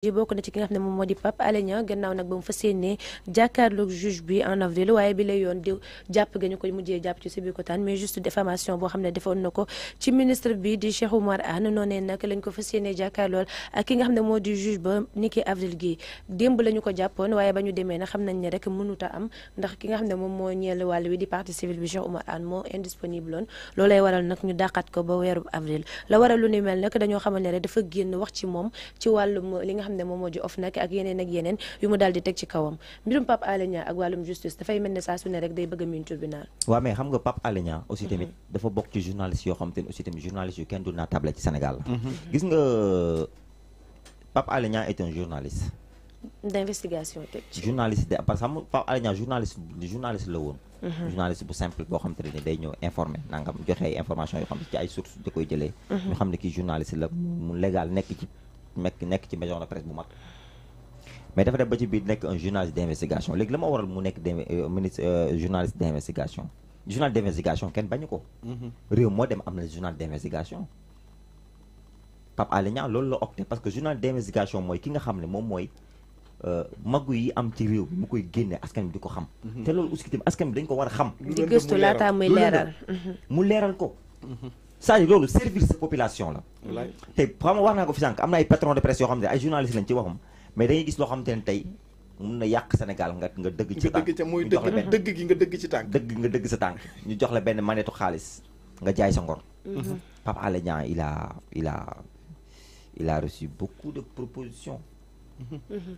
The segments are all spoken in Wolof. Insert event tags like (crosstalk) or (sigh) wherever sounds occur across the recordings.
ji bokk na ci ki nga xam ne moom moo di Pape Alé Niang gannaaw nag ba mu fas yéenee jàkkaarloog juge bi en avril waaye bi lay yoon di jàpp ga ñu ko mujjee jàpp ci Sébikotane mais juste diffamation boo xam ne defoon na ko ci ministre bi di ak ki nga xam ne moo di juge ba niki avril gii démb la ko jàppoon waaye ba ñu demee nag xam nañ ne rek mënut a am ndax ki nga xam ne moom moo ñeel wàll wi di partie civile bi Cheikh Oumar Anne moo indisponible loon ko ba weeru avril la waral lu ni mel nag xam ne moom moo ji OFNAC ak yeneen ak yeneen yu mu daal di teg ci kawam mbirum Pape Alé ak wàllum justice dafay mel ne saa ne rek day bëgg a miin mhm. naa table ci Sénégal la mhm. gis nga Pape Alé Niang est un journaliste d'investigation teg ci journaliste parce que xam Pape Alé Niang journaliste la woon mhm. journaliste bu simple boo xam te day ñëw informé nangam joxe information yoo xam ne kii journaliste la mu légal nekk ci nekk nekk ci maison de presse bu mag mais dafa def ba ci biir nekk un journaliste d' léegi la ma waral mu nekk d euh, ministre euh, journaliste d' journal d' kenn bañu ko mm-hmm. réew moo dem am na journal d' investigation Pape Alé loolu la opté parce que journal d' mooy ki nga xam ne moom mooy euh, magu yi am ci réew bi mu koy génne askan bi di ko xam mm-hmm. te loolu aussi tamit askan bi dañ ko war a xam di gëstu laata muy c'est-à-dire loolu servir sa population la. te xam nga wax naa ko fi sànq am na ay patron de presse yoo xam ne ay journaliste lañ ci waxum mais dañuy gis loo xam ne tey mun na yàq Sénégal nga nga dëgg. ci tànk ñu jox la benn dëgg gi nga dëgg ci tànk. dëgg nga dëgg sa tànk ñu jox la benn manetu xaalis nga jaay sa ngor. Mhm. Pape Alé Niang il a il a il a beaucoup de propositions. Mhm. Mhm.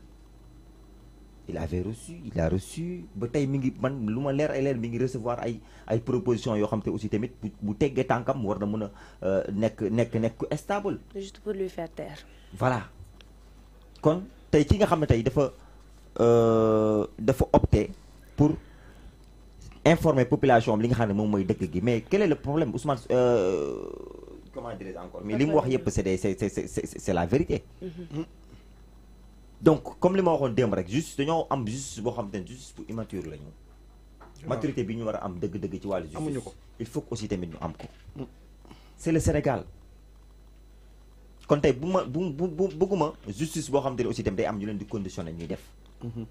il avait reçu il a reçu ba tey mi ngi man lu ma leer ay leer mi ngi recevoir ay ay propositions yoo xam te aussi tamit bu bu teggee tànkam war na mën a euh, nekk nekk nekk ku stable. juste pour voilà kon tey ci nga xam ne tey dafa euh, dafa opté pour informer population bi li nga xam ne moom mooy dëkk gi mais quel est le problème Ousmane euh, comment dirais mais li mu wax yëpp c'est des c'est c'est la vérité. Mm-hmm. Hmm? donc comme li ma waxoon démb rek juste dañoo am justice boo xam te ne justice la ñu maturité bi ñu war am dëgg-dëgg ci wàllu justice amuñu ko il faut aussi tamit ñu am ko mm. c'est le Sénégal kon tey bu ma bu bu bu bëgguma justice boo xam te ne aussi tamit day am ñu leen di conditionné ñuy def mm-hmm.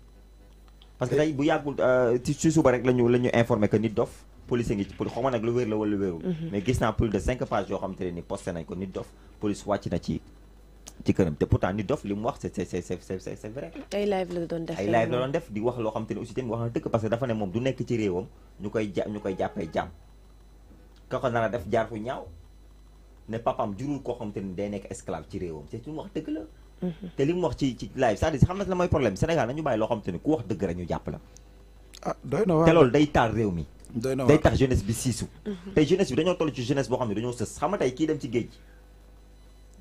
parce que tey bu yàggul euh, ci ci suba rek la ñu la ñu informé que nit dof police ngi ci police nag lu wér la wala lu wérul mm-hmm. mais gis naa plus de cinq pages yoo xam te ne ni posté nañ ko nit dof police wàcc na ci ci këram te pourtant nit dof li mu wax c'est c'est c'est c'est c'est vrai. ay live ay live la doon def di wax loo xam te aussi tamit wax na a def jaar fu ñaaw ne papaam jurul koo xam te day nekk esclave ci réewam mhm. te li xam na la problème Sénégal nañu bàyyi loo xam te ku wax dëgg rek ñu jàpp la. Ah, te loolu day taal réew mi. day tax jeunesse bi siisu. Mhm. tey jeunesse bi dañoo toll ci jeunesse boo xam ne dañoo sës xam nga tey kii dem ci géej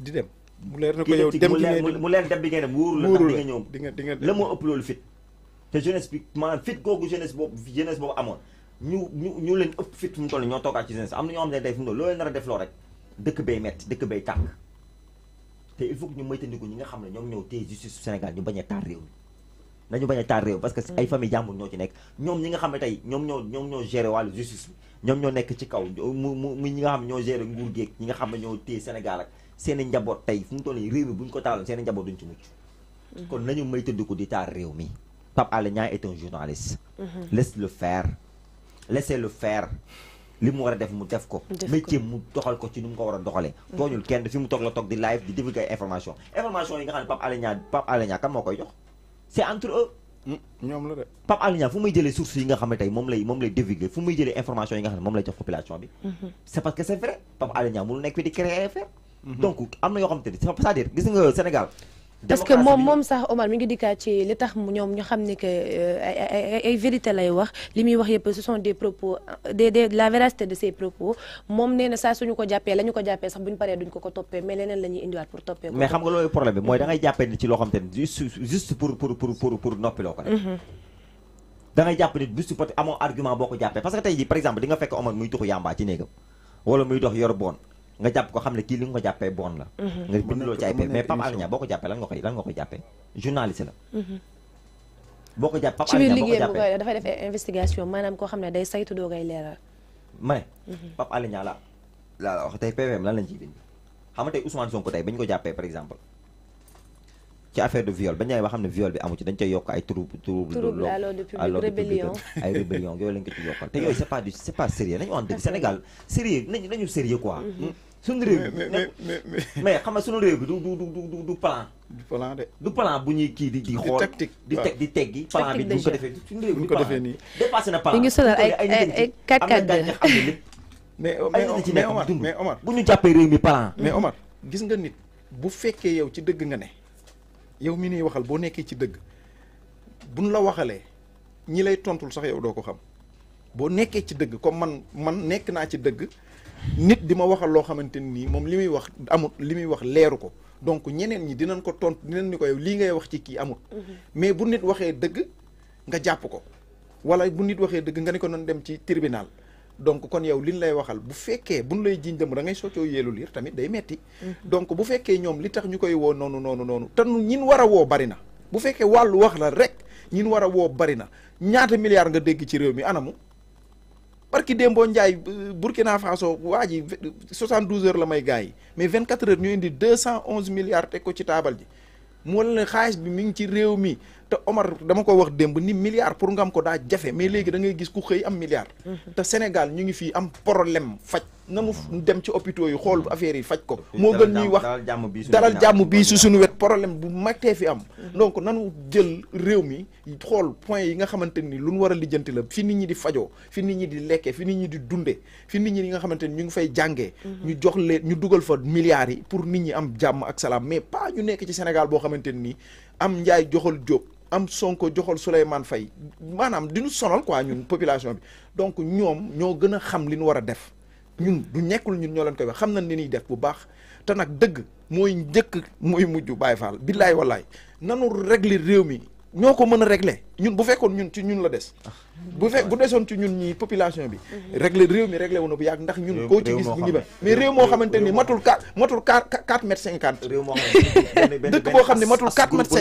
di dem mu leer na ko yow dem mu leer dem bi ngay dem wóoru la ndax di nga ñëw di nga di nga la moo ëpp loolu fit te jeunesse bi maanaam fit googu jeunesse boobu amoon ñu ñu ñu leen ëpp fit fu mu toll ñoo toogaat ci jeunesse am na ñoo xam ne day fu loo rek dëkk bay metti dëkk bay tàng te il faut que ñu ñi nga xam ne ñoom ñëw téye justice su Sénégal ñu bañ a taar réew mi nañu bañ a taar réew parce que ay famille jàmbur ñoo ci nekk ñoom ñi nga xam ne tey ñoom ñoo ñoom ñoo géré wàllu justice bi ñoom ñoo nekk ci kaw mu mu ñi nga xam ne ñoo géré nguur ñi nga xam ne ñoo téye Sénégal ak seen i njaboot tey fu mu toll nii réew mi bu ñu ko taaloon seen i njaboot duñ ci mucc. Mhm. kon nañu may tëdd ko di taal réew mi. Pape Alé Niang est un journaliste. Mhm. laisse le faire laissez le faire. a def mu def ko. métier mu doxal ko ci ni mu ko war a doxalee. Mhm. tooñul kenn fi mu toog la toog information yi nga xam ne Pape Alé Niang moo hmm, la de. Pape Alé fu muy jëlee sources yi nga xam ne moom lay moom fu muy jëlee information yi nga xam ne moom lay jox population bi. c'est parce que c'est vrai Pape Alé Niang mënul nekk Mhm. donc am na yoo xamante ni c'est-à-dire gis nga Sénégal. parce que moom moom sax Omar mi ngi dikkaat ci li tax ñoom ñu xam ne euh, ay vérité lay wax li muy wax yëpp ce sont des propos des des la véracité de ses propos moom nee saa suñu ko jàppee la ko jàppee sax bu paree duñ ko ko toppee mais leneen la indiwaat pour toppee mais xam nga loolu problème bi mooy mhm. da jàppee ni ci loo xam te ne juste pour pour pour pour pour ko rek mhm. da nga jàpp ko xam ne kii li nga ko jàppee bon la. Mhm. nga bindloo ci ay paie mais Pape Alé Niang boo ko jàppee lan nga koy lan nga koy jàppee journaliste la. Mhm. boo ko jàpp Pape Alé Niang boo ko jàppee ci biir liggéeyam la lan lañ ciy xam nga tey Ousmane Sonko tey bañ ko jàppee par exemple ci affaire de viol bañ lay wax xam ne viol bi amu ci dañ cay yokk ay trouble trouble à l'ordre public rébellion (laughs) ay rébellion yooyu lañ ko ci yokkal te yooyu c'est pas du c'est pas sérieux nañu wax dëgg Sénégal sérieux nañu suñu réew mi (laughs) mais xam nga suñu réew bi du du du du plan. du plan de. du plan bu ñuy kii di di xool di teg di teggi plan bi bu ko defee suñu réew mi ko defee nii dépassé na plan. ñu ngi sonal ay ay ay 4 4 2 mais mais Omar mais Omar bu ñu jàppee réew mi plan. mais Omar gis nga nit bu fekkee yow ci dëgg nga ne yow mi nuy waxal boo nekkee ci dëgg buñ la waxalee ñi lay tontul sax yow doo ko xam boo nekkee ci dëgg comme man man nekk naa ci dëgg. nit di ma waxal loo xamante ni moom li muy wax amut li muy wax leeru ko donc ñeneen ñi dinañ ko tont dinañ ni ko yow lii ngay wax ci kii amut mhm. mais bu nit waxee dëgg nga jàpp ko wala bu nit waxee dëgg nga ne ko dem ci tribunal donc kon yow liñ lay waxal bu fekkee buñ lay jiñ dem da ngay liir tamit day metti mhm. donc bu fekkee ñoom li tax ñu koy woo noonu noonu noonu te ñin war a woo bari na bu fekkee wàllu wax la rek ñin war a woo bari na ñaata milliards nga dégg ci réew mi anamu barki Dembo Ndiaye euh, Burkina Faso waa ji soixante douze heures la may gars yi mais vingt quatre heures ñu indi deux cent onze milliards teg ko ci taabal ji mu wala ne xaalis bi mi ngi ci réew mi te Omar dama ko wax démb ni milliard pour nga am ko daa jafe mais léegi da ngay gis ku xëy am milliard. Mhm. te Sénégal ñu ngi fi am problème faj. nanu mhm. dem ci hôpitaux yi xool affaire yi faj ko. moo gën ñuy wax dalal jàmm bii su suñu wet problème bu magtee fi am. Mhm. donc nanu jël réew mi xool point yi nga xamante nii lu nu war a lijjanti la fi nit ñi di fajoo fi nit ñi di lekkee fi nit ñi di dunde fi nit ñi nga xamante ni ñu ngi fay jàngee. ñu jox leen ñu dugal fa milliards yi pour nit ñi am jàmm ak salaam mais pas ñu nekk ci Sénégal boo xamante ni am njaay joxal jóob am Sonko joxol Souleymane Faye maanaam dinu ñu sonal quoi ñun population bi donc ñoom ñoo gën a xam li ñu war a def ñun du nekkul ñun ñoo leen koy wax xam nañ ni ñuy def bu baax te nag dëgg mooy njëkk mooy mujj Baye Fall billaay wallaay nanu régler réew mi ñoo ko mën a régler ñun bu fekkoon ñun ci ñun la des ah, bu fekk bu desoon ci ñun ñi population bi mhm. régler réew mi régler woon bu yàgg ndax ñun koo ci gis ñu ngi ba mais réew moo xamante ni matul 4 matul